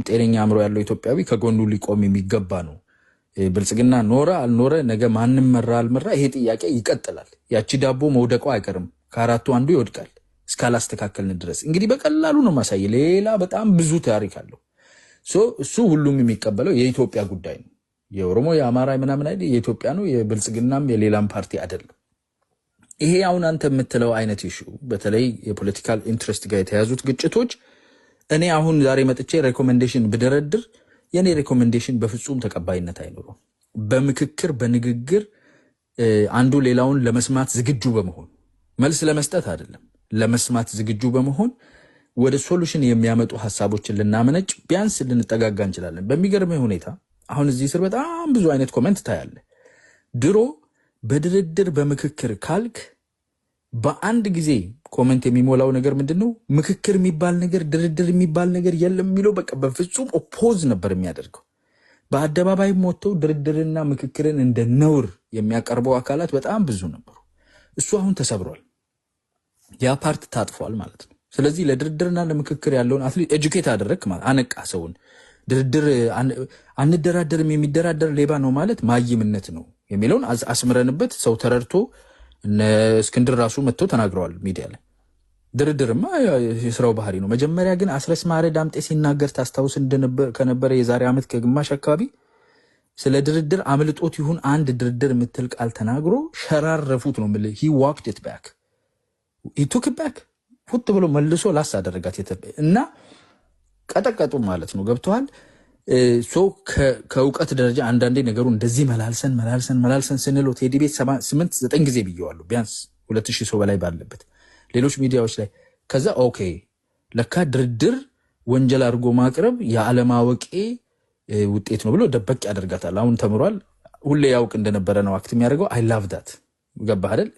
ማንኛውም ጤነኛ አእምሮ ያለው ኢትዮጵያዊ ከጎኑ ሊቆም የሚገባ ነው። ብልጽግና ኖረ አልኖረ ነገ ማንም መራ አልመራ ይሄ ጥያቄ ይቀጥላል። ያቺ ዳቦ መውደቋ አይቀርም። ከአራቱ አንዱ ይወድቃል እስካላስተካከልን ድረስ እንግዲህ በቀላሉ ነው ማሳየ። ሌላ በጣም ብዙ ታሪክ አለው። እሱ ሁሉም የሚቀበለው የኢትዮጵያ ጉዳይ ነው። የኦሮሞ የአማራ ምናምን አይ የኢትዮጵያ ነው። የብልጽግናም የሌላም ፓርቲ አይደለም። ይሄ አሁን አንተ የምትለው አይነት ይሹ በተለይ የፖለቲካል ኢንትረስት ጋር የተያዙት ግጭቶች እኔ አሁን ዛሬ መጥቼ ሬኮሜንዴሽን ብደረድር የእኔ ሬኮሜንዴሽን በፍጹም ተቀባይነት አይኖረውም በምክክር በንግግር አንዱ ሌላውን ለመስማት ዝግጁ በመሆን መልስ ለመስጠት አይደለም፣ ለመስማት ዝግጁ በመሆን ወደ ሶሉሽን የሚያመጡ ሀሳቦችን ልናመነጭ ቢያንስ ልንጠጋጋ እንችላለን። በሚገርመ ሁኔታ አሁን እዚህ ስር በጣም ብዙ አይነት ኮመንት ታያለ። ድሮ በድርድር በምክክር ካልክ በአንድ ጊዜ ኮመንት የሚሞላው ነገር ምንድን ነው? ምክክር የሚባል ነገር ድርድር የሚባል ነገር የለም የሚለው በቃ በፍጹም ኦፖዝ ነበር የሚያደርገው። በአደባባይ ሞተው ድርድርና ምክክርን እንደ ነውር የሚያቀርበው አካላት በጣም ብዙ ነበሩ። እሱ አሁን ተሰብሯል፣ ያ ፓርት ታጥፏል ማለት ነው። ስለዚህ ለድርድርና ለምክክር ያለውን አትሊት ኤጁኬት አደረግ ማለት አነቃ ሰውን ድርድር አንደራደርም፣ የሚደራደር ሌባ ነው ማለት ማይምነት ነው የሚለውን አስምረንበት ሰው ተረድቶ እነ እስክንድር ራሱ መጥተው ተናግረዋል ሚዲያ ላይ። ድርድርማ የስራው ባህሪ ነው። መጀመሪያ ግን አስረስ ማረ ዳምጤ ሲናገር ታስታውስ ከነበረ የዛሬ ዓመት ከግማሽ አካባቢ ስለ ድርድር አምልጦት ይሁን አንድ ድርድር የምትል ቃል ተናግሮ ሸራረፉት ነው የምልህ። ሂ ዋክድ ኢት ባክ ሂ ቱክ ባክ ፉት ብሎ መልሶ ላስ አደረጋት እና ቀጠቀጡ ማለት ነው። ገብተዋል ሶ ከእውቀት ደረጃ አንዳንዴ ነገሩ እንደዚህ መላልሰን መላልሰን መላልሰን ስንለው ቴዲ ቤት ስምንት ዘጠኝ ጊዜ ብየዋለሁ ቢያንስ ሁለት ሺህ ሰው በላይ ባለበት ሌሎች ሚዲያዎች ላይ። ከዛ ኦኬ ለካ ድርድር ወንጀል አድርጎ ማቅረብ የአለማወቄ ውጤት ነው ብሎ ደበቅ ያደርጋታል። አሁን ተምሯል፣ ሁሌ ያውቅ እንደነበረ ነው አክት የሚያደርገው። አይ ላቭ ዳት ገባህ አይደል?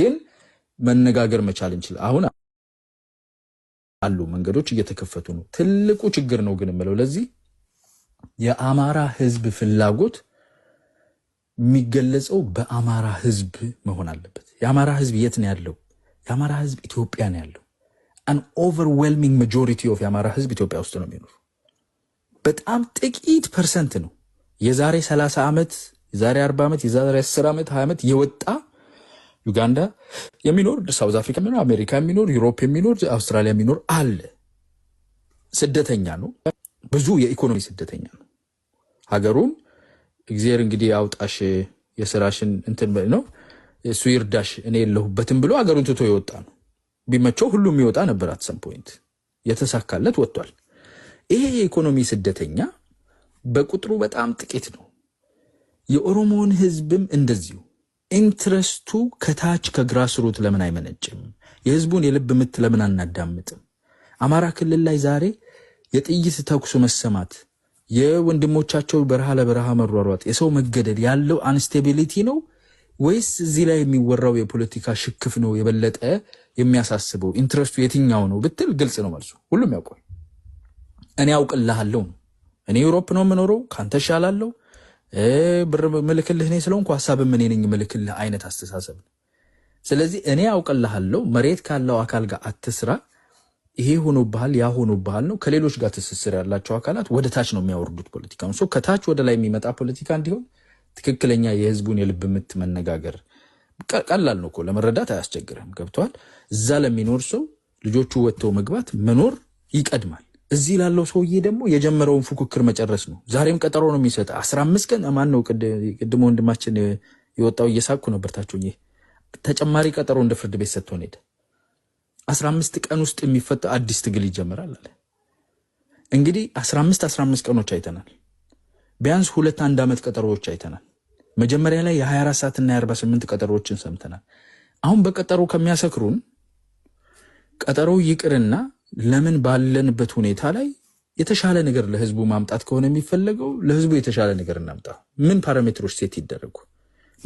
ግን መነጋገር መቻል እንችል። አሁን አሉ መንገዶች እየተከፈቱ ነው። ትልቁ ችግር ነው ግን የምለው ለዚህ የአማራ ህዝብ ፍላጎት የሚገለጸው በአማራ ህዝብ መሆን አለበት። የአማራ ህዝብ የት ነው ያለው? የአማራ ህዝብ ኢትዮጵያ ነው ያለው። አን ኦቨርዌልሚንግ ማጆሪቲ ኦፍ የአማራ ህዝብ ኢትዮጵያ ውስጥ ነው የሚኖሩ። በጣም ጥቂት ፐርሰንት ነው የዛሬ 30 ዓመት የዛሬ 40 ዓመት የዛሬ 10 ዓመት 20 ዓመት የወጣ ዩጋንዳ የሚኖር ሳውዝ አፍሪካ የሚኖር አሜሪካ የሚኖር ዩሮፕ የሚኖር አውስትራሊያ የሚኖር አለ። ስደተኛ ነው፣ ብዙ የኢኮኖሚ ስደተኛ ነው። ሀገሩን እግዚአብሔር እንግዲህ አውጣሽ የስራሽን እንትን ነው እሱ ይርዳሽ እኔ የለሁበትም ብሎ አገሩን ትቶ የወጣ ነው። ቢመቸው ሁሉም ይወጣ ነበር። አትሰም ፖይንት የተሳካለት ወጥቷል። ይሄ የኢኮኖሚ ስደተኛ በቁጥሩ በጣም ጥቂት ነው። የኦሮሞውን ህዝብም እንደዚሁ ኢንትረስቱ ከታች ከግራስሩት ለምን አይመነጭም? የህዝቡን የልብ ምት ለምን አናዳምጥም? አማራ ክልል ላይ ዛሬ የጥይት ተኩሱ መሰማት የወንድሞቻቸው በረሃ ለበረሃ መሯሯጥ የሰው መገደል ያለው አንስቴቢሊቲ ነው ወይስ እዚህ ላይ የሚወራው የፖለቲካ ሽክፍ ነው የበለጠ የሚያሳስበው? ኢንትረስቱ የትኛው ነው ብትል ግልጽ ነው መልሱ። ሁሉም ያውቋል። እኔ አውቅልሃለሁ ነው። እኔ ዩሮፕ ነው የምኖረው፣ ከአንተ እሻላለሁ፣ ብር ምልክልህ እኔ ስለሆንኩ ሀሳብ እኔ ነኝ ምልክልህ አይነት አስተሳሰብ ነው። ስለዚህ እኔ አውቅልሃለሁ፣ መሬት ካለው አካል ጋር አትስራ፣ ይሄ ሆኖብሃል፣ ያ ሆኖብሃል ነው። ከሌሎች ጋር ትስስር ያላቸው አካላት ወደ ታች ነው የሚያወርዱት ፖለቲካ። ከታች ወደ ላይ የሚመጣ ፖለቲካ እንዲሆን ትክክለኛ የህዝቡን የልብ ምት መነጋገር ቀላል ነው እኮ ለመረዳት አያስቸግርም። ገብተዋል። እዛ ለሚኖር ሰው ልጆቹ ወጥተው መግባት መኖር ይቀድማል። እዚህ ላለው ሰውዬ ደግሞ የጀመረውን ፉክክር መጨረስ ነው። ዛሬም ቀጠሮ ነው የሚሰጠ አስራ አምስት ቀን ማን ነው ቅድሞ ወንድማችን የወጣው እየሳኩ ነበርታቸው ይህ ተጨማሪ ቀጠሮ እንደ ፍርድ ቤት ሰጥቶን ሄደ። አስራ አምስት ቀን ውስጥ የሚፈታ አዲስ ትግል ይጀምራል አለ። እንግዲህ አስራ አምስት አስራ አምስት ቀኖች አይተናል። ቢያንስ ሁለት አንድ ዓመት ቀጠሮዎች አይተናል። መጀመሪያ ላይ የ24 ሰዓትና የ48 ቀጠሮዎችን ሰምተናል። አሁን በቀጠሮ ከሚያሰክሩን ቀጠሮ ይቅርና ለምን ባለንበት ሁኔታ ላይ የተሻለ ነገር ለህዝቡ ማምጣት ከሆነ የሚፈለገው ለህዝቡ የተሻለ ነገር እናምጣ። ምን ፓራሜትሮች ሴት ይደረጉ?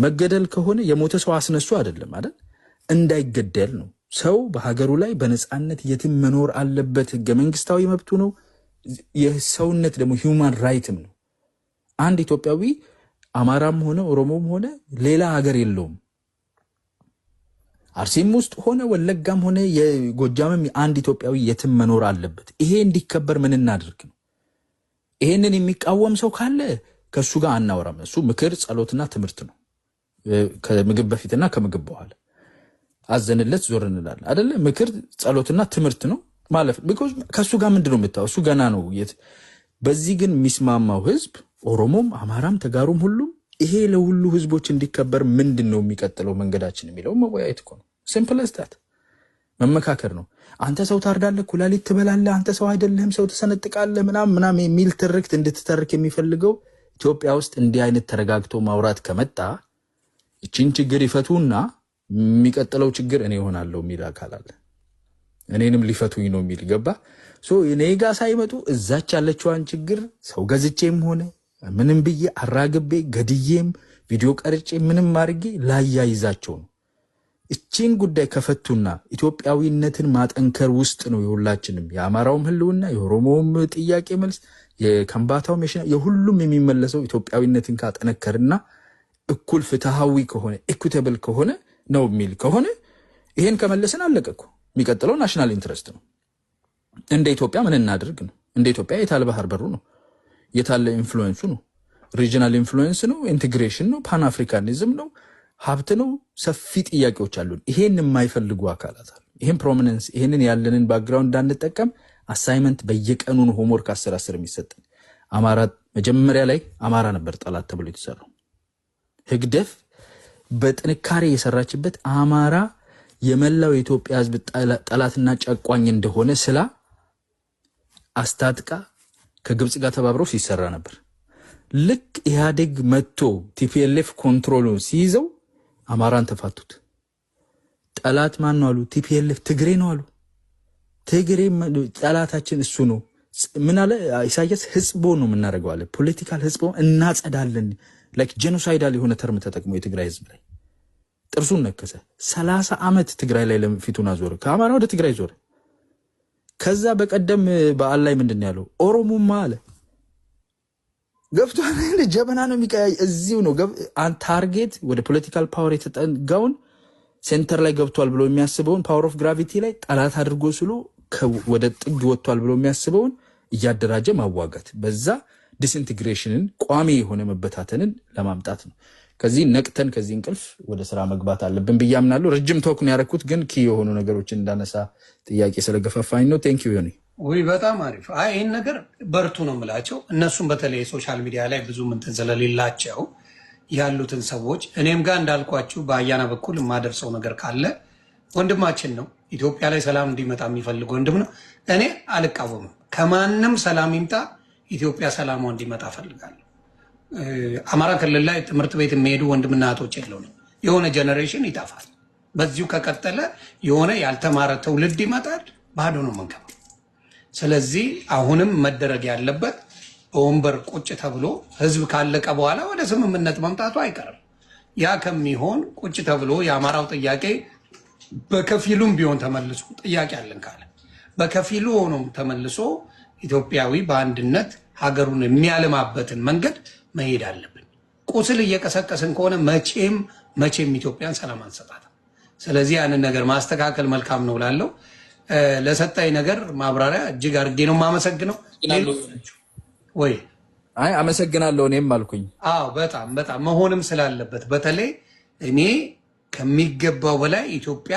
መገደል ከሆነ የሞተ ሰው አስነሱ አይደለም አይደል? እንዳይገደል ነው። ሰው በሀገሩ ላይ በነፃነት የትም መኖር አለበት። ህገ መንግስታዊ መብቱ ነው። የሰውነት ደግሞ ሂውማን ራይትም ነው። አንድ ኢትዮጵያዊ አማራም ሆነ ኦሮሞም ሆነ ሌላ ሀገር የለውም። አርሲም ውስጥ ሆነ ወለጋም ሆነ የጎጃምም አንድ ኢትዮጵያዊ የትም መኖር አለበት። ይሄ እንዲከበር ምን እናድርግ ነው? ይሄንን የሚቃወም ሰው ካለ ከእሱ ጋር አናወራም። እሱ ምክር፣ ጸሎትና ትምህርት ነው። ከምግብ በፊትና ከምግብ በኋላ አዘንለት ዞር እንላለን አደለ? ምክር ጸሎትና ትምህርት ነው ማለት ከእሱ ጋር ምንድን ነው የምታው? እሱ ገና ነው። በዚህ ግን የሚስማማው ህዝብ ኦሮሞም፣ አማራም፣ ተጋሩም ሁሉም ይሄ ለሁሉ ህዝቦች እንዲከበር ምንድን ነው የሚቀጥለው መንገዳችን የሚለው መወያየት እኮ ነው። ሲምፕልስታት መመካከር ነው። አንተ ሰው ታርዳለህ፣ ኩላሊት ትበላለህ፣ አንተ ሰው አይደለህም፣ ሰው ትሰነጥቃለህ፣ ምናም ምናም የሚል ትርክት እንድትተርክ የሚፈልገው ኢትዮጵያ ውስጥ እንዲህ አይነት ተረጋግቶ ማውራት ከመጣ እቺን ችግር ይፈቱና የሚቀጥለው ችግር እኔ እሆናለሁ የሚል አካል አለ። እኔንም ሊፈቱኝ ነው የሚል ገባ እኔ ጋ ሳይመጡ እዛች ያለችዋን ችግር ሰው ገዝቼም ሆነ ምንም ብዬ አራግቤ ገድዬም ቪዲዮ ቀርጬ ምንም አድርጌ ላያይዛቸው ነው። እቺን ጉዳይ ከፈቱና ኢትዮጵያዊነትን ማጠንከር ውስጥ ነው የሁላችንም የአማራውም ህልውና የኦሮሞውም ጥያቄ መልስ የከንባታውም የሁሉም የሚመለሰው ኢትዮጵያዊነትን ካጠነከርና እኩል ፍትሃዊ ከሆነ ኢኩቴብል ከሆነ ነው የሚል ከሆነ ይሄን ከመለስን አለቀ እኮ። የሚቀጥለው ናሽናል ኢንትረስት ነው። እንደ ኢትዮጵያ ምን እናድርግ ነው። እንደ ኢትዮጵያ የታል ባህር በሩ ነው። የታለ ኢንፍሉዌንሱ ነው? ሪጂናል ኢንፍሉዌንስ ነው? ኢንቴግሬሽን ነው? ፓን አፍሪካኒዝም ነው? ሀብት ነው? ሰፊ ጥያቄዎች አሉ ይሄን የማይፈልጉ አካላት አሉ። ይህን ፕሮሚነንስ ይህንን ያለንን ባክግራውንድ እንዳንጠቀም አሳይመንት በየቀኑን ሆምወርክ አስር አስር አማራ መጀመሪያ ላይ አማራ ነበር ጠላት ተብሎ የተሰራው ህግደፍ በጥንካሬ የሰራችበት አማራ የመላው የኢትዮጵያ ህዝብ ጠላትና ጨቋኝ እንደሆነ ስላ አስታጥቃ ከግብፅ ጋር ተባብረው ሲሰራ ነበር። ልክ ኢህአዴግ መጥቶ ቲፒኤልኤፍ ኮንትሮሉ ሲይዘው አማራን ተፋቱት። ጠላት ማን ነው አሉ። ቲፒኤልኤፍ ትግሬ ነው አሉ። ትግሬ ጠላታችን እሱ ነው። ምን አለ ኢሳያስ? ህዝቦ ነው የምናደርገው አለ። ፖለቲካል ህዝቦ እናጸዳለን። ላይክ ጄኖሳይዳል የሆነ ተርም ተጠቅሞ የትግራይ ህዝብ ላይ ጥርሱን ነከሰ። ሰላሳ ዓመት ትግራይ ላይ ለፊቱን አዞረ። ከአማራ ወደ ትግራይ ዞረ። ከዛ በቀደም በዓል ላይ ምንድን ነው ያለው? ኦሮሞማ አለ ገብቷል። ጀበና ነው የሚቀያይ እዚሁ ነው ታርጌት ወደ ፖለቲካል ፓወር የተጠጋውን ሴንተር ላይ ገብቷል ብሎ የሚያስበውን ፓወር ኦፍ ግራቪቲ ላይ ጠላት አድርጎ ስሎ ወደ ጥግ ወጥቷል ብሎ የሚያስበውን እያደራጀ ማዋጋት፣ በዛ ዲስኢንቴግሬሽንን ቋሚ የሆነ መበታተንን ለማምጣት ነው። ከዚህ ነቅተን ከዚህ እንቅልፍ ወደ ስራ መግባት አለብን ብዬ አምናለሁ። ረጅም ቶክን ያደረኩት ግን ኪ የሆኑ ነገሮችን እንዳነሳ ጥያቄ ስለገፋፋኝ ነው። ቴንክ ዩ ዮኒ። በጣም አሪፍ። አይ ይህን ነገር በርቱ ነው የምላቸው። እነሱም በተለይ ሶሻል ሚዲያ ላይ ብዙ ምንትን ስለሌላቸው ያሉትን ሰዎች እኔም ጋር እንዳልኳችሁ በአያና በኩል የማደርሰው ነገር ካለ ወንድማችን ነው። ኢትዮጵያ ላይ ሰላም እንዲመጣ የሚፈልግ ወንድም ነው። እኔ አልቃወምም። ከማንም ሰላም ይምጣ። ኢትዮጵያ ሰላሟ እንዲመጣ እፈልጋለሁ። አማራ ክልል ላይ ትምህርት ቤት የሚሄዱ ወንድምና እህቶች የለውንም። የሆነ ጀኔሬሽን ይጠፋል። በዚሁ ከቀጠለ የሆነ ያልተማረ ትውልድ ይመጣል። ባዶ ነው መንገባ። ስለዚህ አሁንም መደረግ ያለበት በወንበር ቁጭ ተብሎ ህዝብ ካለቀ በኋላ ወደ ስምምነት መምጣቱ አይቀርም። ያ ከሚሆን ቁጭ ተብሎ የአማራው ጥያቄ በከፊሉም ቢሆን ተመልሶ ጥያቄ አለን ካለ በከፊሉ ሆኖም ተመልሶ ኢትዮጵያዊ በአንድነት ሀገሩን የሚያለማበትን መንገድ መሄድ አለብን። ቁስል እየቀሰቀስን ከሆነ መቼም መቼም ኢትዮጵያን ሰላም አንሰጣትም። ስለዚህ ያንን ነገር ማስተካከል መልካም ነው ላለው ለሰጣኝ ነገር ማብራሪያ እጅግ አድርጌ ነው የማመሰግነው። ወይ አይ አመሰግናለሁ። እኔም አልኩኝ። አዎ በጣም በጣም መሆንም ስላለበት በተለይ እኔ ከሚገባው በላይ ኢትዮጵያ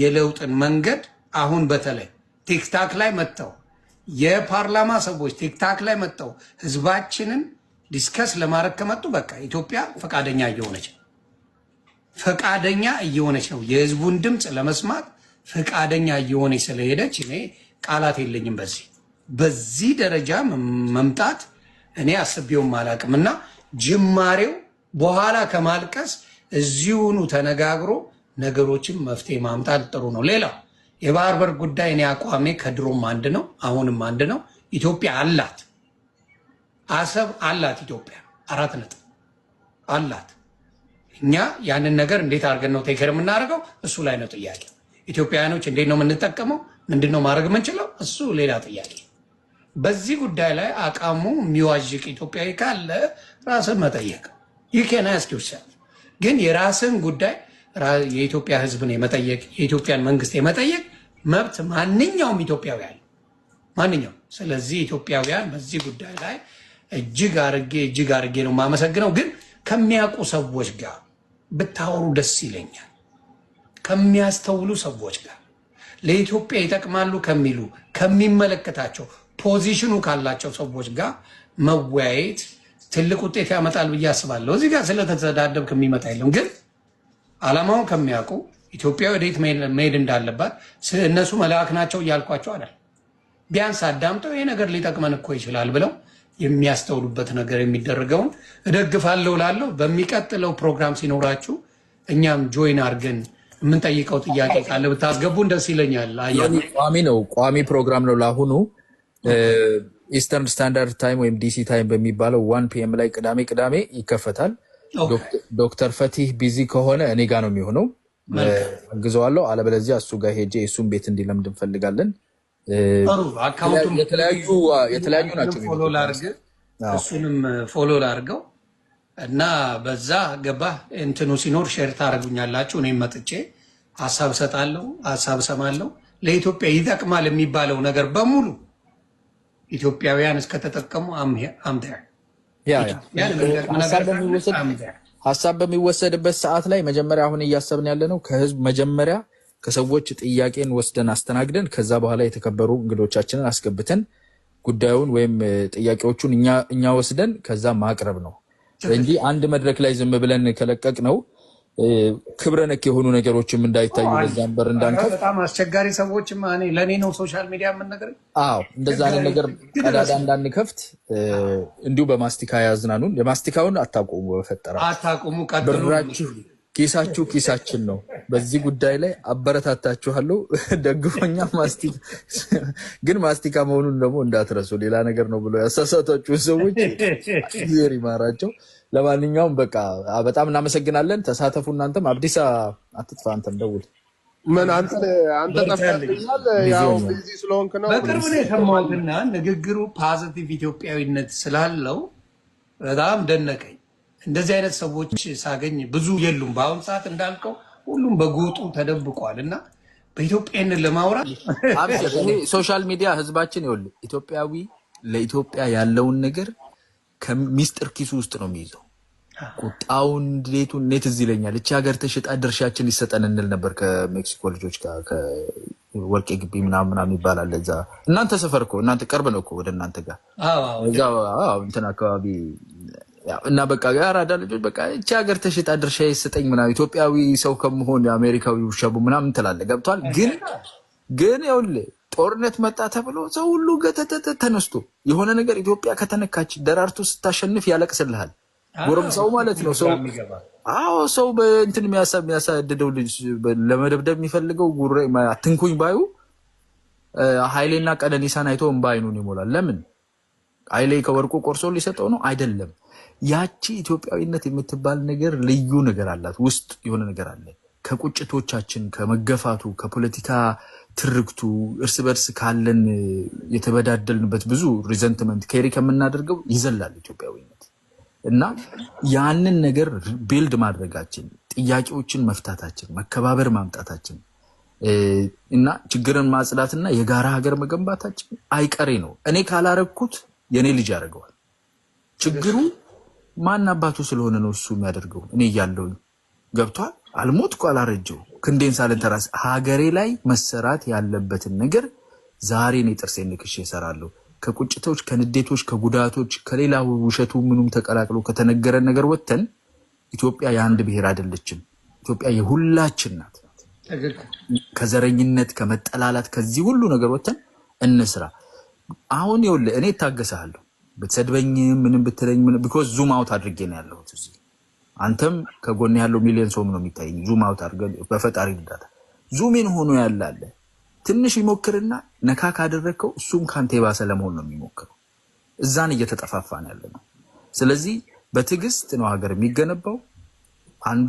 የለውጥን መንገድ አሁን በተለይ ቲክታክ ላይ መጥተው የፓርላማ ሰዎች ቲክታክ ላይ መጥተው ህዝባችንን ዲስከስ ለማድረግ ከመጡ በቃ ኢትዮጵያ ፈቃደኛ እየሆነች ነው ፈቃደኛ እየሆነች ነው። የህዝቡን ድምፅ ለመስማት ፈቃደኛ እየሆነች ስለሄደች እኔ ቃላት የለኝም። በዚህ በዚህ ደረጃ መምጣት እኔ አስቤውም አላቅም እና ጅማሬው በኋላ ከማልቀስ እዚሁኑ ተነጋግሮ ነገሮችን መፍትሄ ማምጣት ጥሩ ነው። ሌላው የባህር በር ጉዳይ እኔ አቋሜ ከድሮም አንድ ነው፣ አሁንም አንድ ነው። ኢትዮጵያ አላት አሰብ አላት ኢትዮጵያ አራት ነጥብ አላት። እኛ ያንን ነገር እንዴት አድርገን ነው ቴከር የምናደርገው? እሱ ላይ ነው ጥያቄ። ኢትዮጵያውያኖች እንዴት ነው የምንጠቀመው? ምንድን ነው ማድረግ የምንችለው? እሱ ሌላ ጥያቄ። በዚህ ጉዳይ ላይ አቃሙ የሚዋዥቅ ኢትዮጵያዊ ካለ ራስን መጠየቅ ይህ ኬና ግን የራስን ጉዳይ የኢትዮጵያ ሕዝብን የመጠየቅ የኢትዮጵያን መንግስት የመጠየቅ መብት ማንኛውም ኢትዮጵያዊ አለ ማንኛውም። ስለዚህ ኢትዮጵያውያን በዚህ ጉዳይ ላይ እጅግ አርጌ እጅግ አርጌ ነው የማመሰግነው። ግን ከሚያውቁ ሰዎች ጋር ብታወሩ ደስ ይለኛል። ከሚያስተውሉ ሰዎች ጋር ለኢትዮጵያ ይጠቅማሉ ከሚሉ ከሚመለከታቸው ፖዚሽኑ ካላቸው ሰዎች ጋር መወያየት ትልቅ ውጤት ያመጣል ብዬ አስባለሁ። እዚህ ጋር ስለተተዳደብ ከሚመጣ የለም። ግን አላማውን ከሚያውቁ ኢትዮጵያ ወዴት መሄድ እንዳለባት እነሱ መልአክ ናቸው እያልኳቸው አይደል። ቢያንስ አዳምጠው ይሄ ነገር ሊጠቅመን እኮ ይችላል ብለው የሚያስተውሉበት ነገር የሚደረገውን እደግፋለሁ ላለው በሚቀጥለው ፕሮግራም ሲኖራችሁ እኛም ጆይን አድርገን የምንጠይቀው ጥያቄ ካለ ብታስገቡን ደስ ይለኛል። ቋሚ ነው፣ ቋሚ ፕሮግራም ነው። ለአሁኑ ኢስተርን ስታንዳርድ ታይም ወይም ዲሲ ታይም በሚባለው ዋን ፒኤም ላይ ቅዳሜ ቅዳሜ ይከፈታል። ዶክተር ፈቲህ ቢዚ ከሆነ እኔ ጋ ነው የሚሆነው፣ አግዘዋለሁ። አለበለዚያ እሱ ጋር ሄጄ የእሱን ቤት እንዲለምድ እንፈልጋለን። የተለያዩ ናቸው። እሱንም ፎሎ ላርገው እና በዛ ገባ እንትኑ ሲኖር ሼር ታደርጉኛላችሁ። እኔም መጥቼ ሀሳብ ሰጣለሁ፣ ሀሳብ ሰማለሁ። ለኢትዮጵያ ይጠቅማል የሚባለው ነገር በሙሉ ኢትዮጵያውያን እስከተጠቀሙ ሀሳብ በሚወሰድበት ሰዓት ላይ መጀመሪያ አሁን እያሰብን ያለ ነው ከህዝብ መጀመሪያ ከሰዎች ጥያቄን ወስደን አስተናግደን ከዛ በኋላ የተከበሩ እንግዶቻችንን አስገብተን ጉዳዩን ወይም ጥያቄዎቹን እኛ ወስደን ከዛ ማቅረብ ነው እንጂ አንድ መድረክ ላይ ዝም ብለን ከለቀቅ ነው ክብረ ነክ የሆኑ ነገሮችም እንዳይታዩ በዛም በር እንዳንከፍ በጣም አስቸጋሪ ሰዎች ለእኔ ነው ሶሻል ሚዲያ የምንነግር። አዎ እንደዛ አይነት ነገር ቀዳዳ እንዳንከፍት እንዲሁ በማስቲካ ያዝናኑን። የማስቲካውን አታቁሙ፣ በፈጠራ አታቁሙ፣ ቀጥሉ። ኪሳችሁ ኪሳችን ነው። በዚህ ጉዳይ ላይ አበረታታችኋለሁ። ደግፎኛ ማስቲካ ግን ማስቲካ መሆኑን ደግሞ እንዳትረሱ። ሌላ ነገር ነው ብሎ ያሳሳታችሁ ሰዎች ዜር ይማራቸው። ለማንኛውም በቃ በጣም እናመሰግናለን። ተሳተፉ። እናንተም አብዲሳ አትጥፋ። አንተም ደውል። ምን አንተ ጠፍተኛል። ያው ቢዚ ስለሆንክ ነው። በቅርብ ነው የሰማሁትና ንግግሩ ፖዚቲቭ ኢትዮጵያዊነት ስላለው በጣም ደነቀኝ። እንደዚህ አይነት ሰዎች ሳገኝ ብዙ የሉም። በአሁኑ ሰዓት እንዳልከው ሁሉም በጎጡ ተደብቋል እና በኢትዮጵያን ለማውራት ሶሻል ሚዲያ ህዝባችን ይወል ኢትዮጵያዊ ለኢትዮጵያ ያለውን ነገር ከሚስጥር ኪሱ ውስጥ ነው የሚይዘው። ቁጣውን እንዴቱ እንዴት እዚህ ይለኛል። እቺ ሀገር ተሽጣ ድርሻችን ይሰጠን እንል ነበር ከሜክሲኮ ልጆች ከወርቄ ግቢ ምናምን ይባላል። እዛ እናንተ ሰፈር እኮ እናንተ ቅርብ ነው እኮ ወደ እናንተ ጋር እንትን አካባቢ እና በቃ አራዳ ልጆች በቃ እቺ ሀገር ተሽጣ ድርሻ ይሰጠኝ ምናምን ኢትዮጵያዊ ሰው ከመሆን የአሜሪካዊ ውሸቡ ምናምን ትላለህ። ገብቷል። ግን ግን ይኸውልህ ጦርነት መጣ ተብሎ ሰው ሁሉ ገተተተ ተነስቶ የሆነ ነገር ኢትዮጵያ ከተነካች ደራርቱ ስታሸንፍ ያለቅስልሃል። ሰው ማለት ነው ሰው አዎ፣ ሰው በእንትን የሚያሳድደው ልጅ ለመደብደብ የሚፈልገው ጉሬ አትንኩኝ ባዩ ኃይሌና ቀነኒሳን አይቶ እምባ አይኑን ይሞላል። ለምን ኃይሌ ከወርቁ ቆርሶ ሊሰጠው ነው አይደለም። ያቺ ኢትዮጵያዊነት የምትባል ነገር ልዩ ነገር አላት። ውስጥ የሆነ ነገር አለ። ከቁጭቶቻችን፣ ከመገፋቱ፣ ከፖለቲካ ትርክቱ እርስ በርስ ካለን የተበዳደልንበት ብዙ ሪዘንትመንት ኬሪ ከምናደርገው ይዘላል ኢትዮጵያዊነት እና ያንን ነገር ቢልድ ማድረጋችን፣ ጥያቄዎችን መፍታታችን፣ መከባበር ማምጣታችን እና ችግርን ማጽዳትና የጋራ ሀገር መገንባታችን አይቀሬ ነው። እኔ ካላረግኩት የእኔ ልጅ ያደርገዋል ችግሩ ማን አባቱ ስለሆነ ነው እሱ የሚያደርገው? እኔ እያለሁኝ ገብቷል። አልሞትኩ፣ አላረጀው ክንዴን ሳልንተራስ ሀገሬ ላይ መሰራት ያለበትን ነገር ዛሬ እኔ ጥርሴን ነክሼ እሰራለሁ። ከቁጭቶች፣ ከንዴቶች፣ ከጉዳቶች፣ ከሌላ ውሸቱ ምኑም ተቀላቅሎ ከተነገረን ነገር ወጥተን ኢትዮጵያ የአንድ ብሔር አይደለችም። ኢትዮጵያ የሁላችን ናት። ከዘረኝነት፣ ከመጠላላት፣ ከዚህ ሁሉ ነገር ወጥተን እንስራ። አሁን ይኸውልህ እኔ እታገሳለሁ ብትሰድበኝ ምንም ብትለኝ ቢኮዝ ዙም አውት አድርጌ ነው ያለሁት እዚህ። አንተም ከጎን ያለው ሚሊዮን ሰውም ነው የሚታይ። ዙም አውት አድርገ በፈጣሪ እርዳታ ዙሜን ሆኖ ያላለ ትንሽ ይሞክርና ነካ ካደረግከው እሱም ከአንተ የባሰ ለመሆን ነው የሚሞክረው። እዛን እየተጠፋፋን ያለ ነው። ስለዚህ በትዕግስት ነው ሀገር የሚገነባው። አንዱ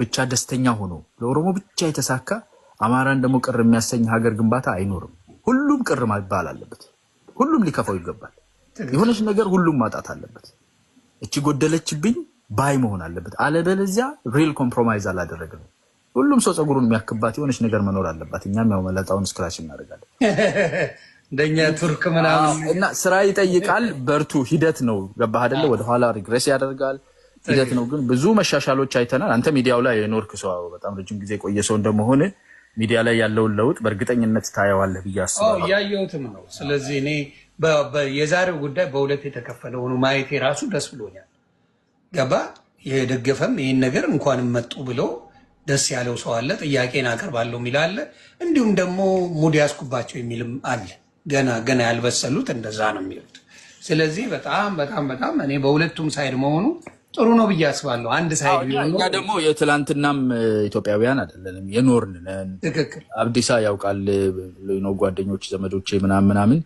ብቻ ደስተኛ ሆኖ ለኦሮሞ ብቻ የተሳካ አማራን ደግሞ ቅር የሚያሰኝ ሀገር ግንባታ አይኖርም። ሁሉም ቅር ማባል አለበት። ሁሉም ሊከፋው ይገባል። የሆነች ነገር ሁሉም ማጣት አለበት። እቺ ጎደለችብኝ ባይ መሆን አለበት። አለበለዚያ ሪል ኮምፕሮማይዝ አላደረግም። ሁሉም ሰው ፀጉሩን የሚያክባት የሆነች ነገር መኖር አለባት። እኛም ያው መለጣውን ስክራች እናደርጋለን። እንደኛ ቱርክ ምናምን እና ስራ ይጠይቃል። በርቱ። ሂደት ነው። ገባህ አይደለ? ወደኋላ ሪግሬስ ያደርጋል። ሂደት ነው። ግን ብዙ መሻሻሎች አይተናል። አንተ ሚዲያው ላይ የኖርክ ሰው፣ በጣም ረጅም ጊዜ የቆየ ሰው እንደመሆን ሚዲያ ላይ ያለውን ለውጥ በእርግጠኝነት ታየዋለህ ብዬ አስባለሁ። እያየሁትም ነው። ስለዚህ እኔ የዛሬው ጉዳይ በሁለት የተከፈለ ሆኖ ማየቴ ራሱ ደስ ብሎኛል። ገባ የደገፈም ይህን ነገር እንኳንም መጡ ብሎ ደስ ያለው ሰው አለ። ጥያቄን አቀርባለሁ የሚል አለ። እንዲሁም ደግሞ ሙድ ያስኩባቸው የሚልም አለ። ገና ገና ያልበሰሉት እንደዛ ነው የሚሉት። ስለዚህ በጣም በጣም በጣም እኔ በሁለቱም ሳይድ መሆኑ ጥሩ ነው ብዬ አስባለሁ። አንድ ሳይድ እኛ ደግሞ የትላንትናም ኢትዮጵያውያን አይደለንም የኖርን ነን። አብዲሳ ያውቃል ጓደኞች፣ ዘመዶቼ ምናምን ምናምን